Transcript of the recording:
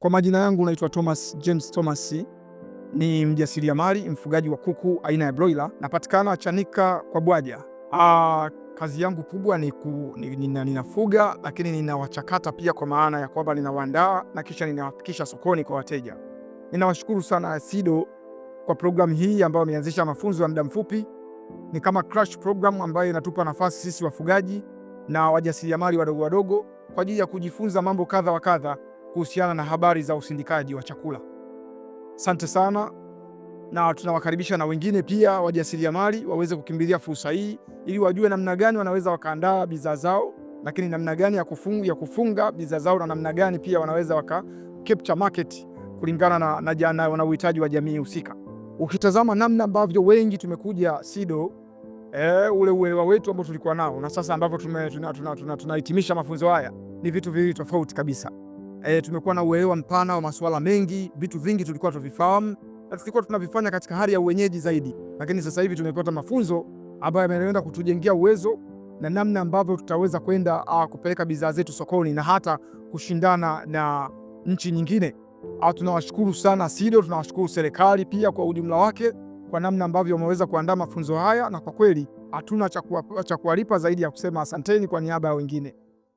Kwa majina yangu naitwa Thomas James Thomas, ni mjasiriamali mfugaji wa kuku aina ya broiler, napatikana Chanika kwa Bwaja. Ah, kazi yangu kubwa ni ku, nina, ninafuga lakini ninawachakata pia, kwa maana ya kwamba ninawaandaa na kisha ninawafikisha sokoni kwa wateja. Ninawashukuru sana SIDO kwa programu hii ambayo ameanzisha mafunzo ya muda mfupi. Ni kama crash program ambayo inatupa nafasi sisi wafugaji na wajasiriamali wadogo wadogo kwa ajili ya kujifunza mambo kadha wa kadha kuhusiana na habari za usindikaji wa chakula. Asante sana, na tunawakaribisha na wengine pia wajasiriamali waweze kukimbilia fursa hii ili wajue namna gani wanaweza wakaandaa bidhaa zao, lakini namna gani ya kufunga, ya kufunga bidhaa zao na namna gani pia wanaweza waka capture market kulingana na, na, na, na, na uhitaji wa jamii husika. Ukitazama namna ambavyo wengi tumekuja SIDO E, ule uelewa wetu ambao tulikuwa nao na sasa ambavyo tunahitimisha mafunzo haya ni vitu viwili tofauti kabisa e, tumekuwa na uelewa mpana wa masuala mengi, vitu vingi tulikuwa tuvifahamu na tulikuwa tunavifanya katika hali ya uwenyeji zaidi, lakini sasa hivi tumepata mafunzo ambayo yameenda kutujengea uwezo na namna ambavyo tutaweza kwenda ah, kupeleka bidhaa zetu sokoni na hata kushindana na nchi nyingine. Ah, tunawashukuru sana SIDO, tunawashukuru serikali pia kwa ujumla wake kwa namna ambavyo wameweza kuandaa mafunzo haya, na kwa kweli hatuna cha kuwalipa zaidi ya kusema asanteni kwa niaba ya wengine.